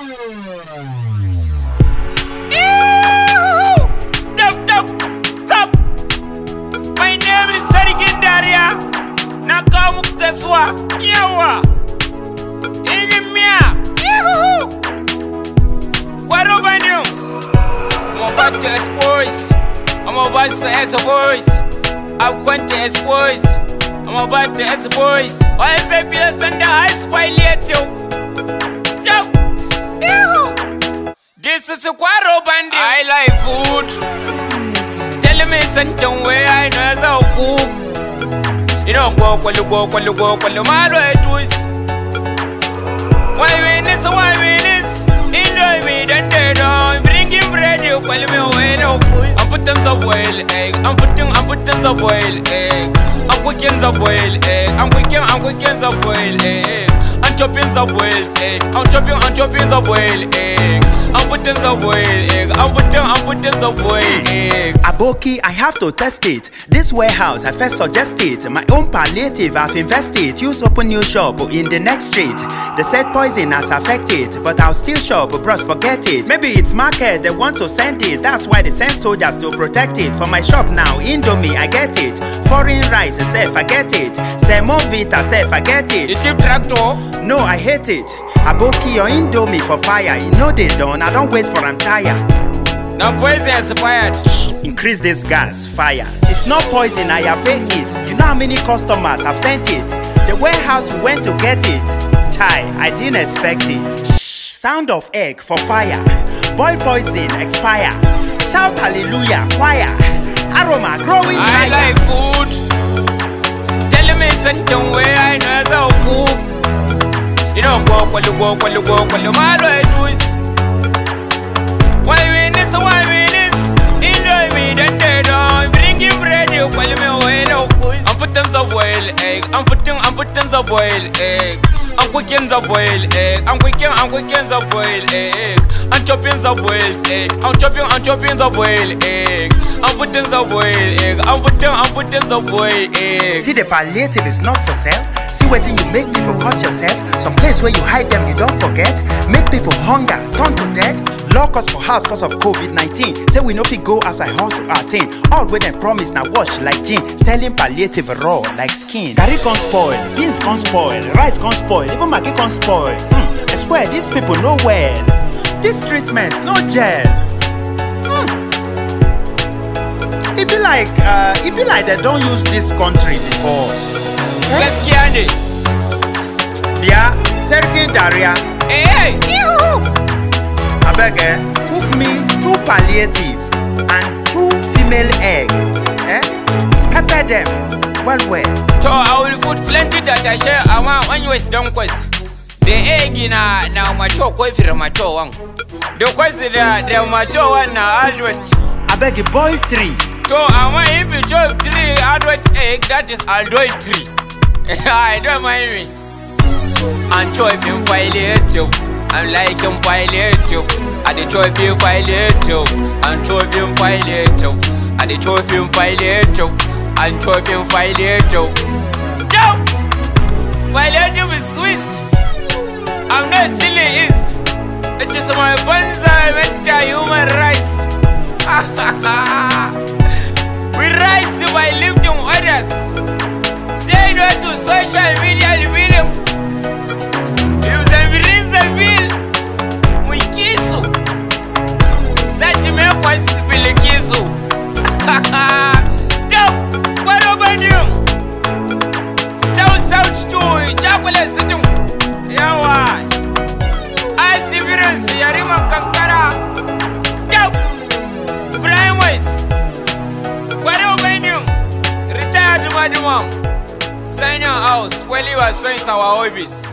Dope, My name is Sadikin Daria. Nakamu Kaswa. Yawa. Enimia. What up, I I'm about to expose. I'm about to ask a voice. I'm going to ask I'm about to ask I say, feel stand the high spy later. This is a Quaro Bandit. I like food. Tell me something where I know as a cook. You know, go, go, go, go, go, go, my right twist. Why we this? Why we this? Enjoy me, then they don't bring him bread. You call me away, no boys. I'm putting the boil egg. I'm putting, I'm putting the boil egg. I'm cooking the boil egg. I'm cooking, I'm cooking the boil egg. champions of whales, eh. I'm champion, I'm champions of Wales, eh. I'm with this away egg. I'm with them, I'm with this away Aboki, I have to test it. This warehouse, I first suggested. My own palliative, I've invested. Use open new shop in the next street. The said poison has affected, but I'll still shop, bros, forget it. Maybe it's market, they want to send it. That's why they send soldiers to protect it. For my shop now, Indomie, I get it. Foreign rice, I say, forget it. Say it, I say, forget it. Is it tractor? No, I hate it. Aboki or Indomie for fire. You know they done, I don't wait for I'm tired. No poison expired. Increase this gas, fire. It's not poison, I have ate it. You know how many customers have sent it? The warehouse went to get it. Chai, I didn't expect it. Sound of egg for fire. Boy poison expire. Shout hallelujah, choir. Aroma growing. I higher. like food. kwali go kwali go kwali maro edus why we why we bring him me i'm putting the boil egg i'm putting i'm putting the boil egg I'm quick the boil egg. Eh. I'm quick I'm quick the boil egg. Eh. I'm chopping the boiled egg. Eh. I'm chopping, I'm chopping the boiled egg. I'm putting the boiled egg. I'm putting, I'm putting the boiled egg. See the palliative is not for sale. See what you make people cost yourself. Some place where you hide them, you don't forget. Make people hunger, turn to death. Lock us for house cause of COVID-19. Say we no fit go as I hustle our team. All wey dem promise na wash like gin. Selling palliative raw like skin. Garri con spoil, beans con spoil, rice con spoil, even maggi con spoil. Mm, I swear these people know well. This treatment no gel. Mm. It be like uh, it be like don't use this country before. get it. Bia, sarkin dariya. Hey, hey. burger cook me two palliative and two female egg eh? pepper them well well so i will put plenty that I share I want you is don quest the egg uh, na na mature ko macho one the quest is, the macho one na advert abeg boy three so I want if you chop three advert egg that is advert three i don't mind me and chop in file it I'm like I'm violate you. I the trophy violate you. I'm trophy violate you. I the trophy violate you. I'm trophy violate you. Yo! Violate you is Swiss. I'm not silly is. It is my bonza meant human rights. we rise by lifting others. Say no to social media. Everyone, send your house while you are showing our office.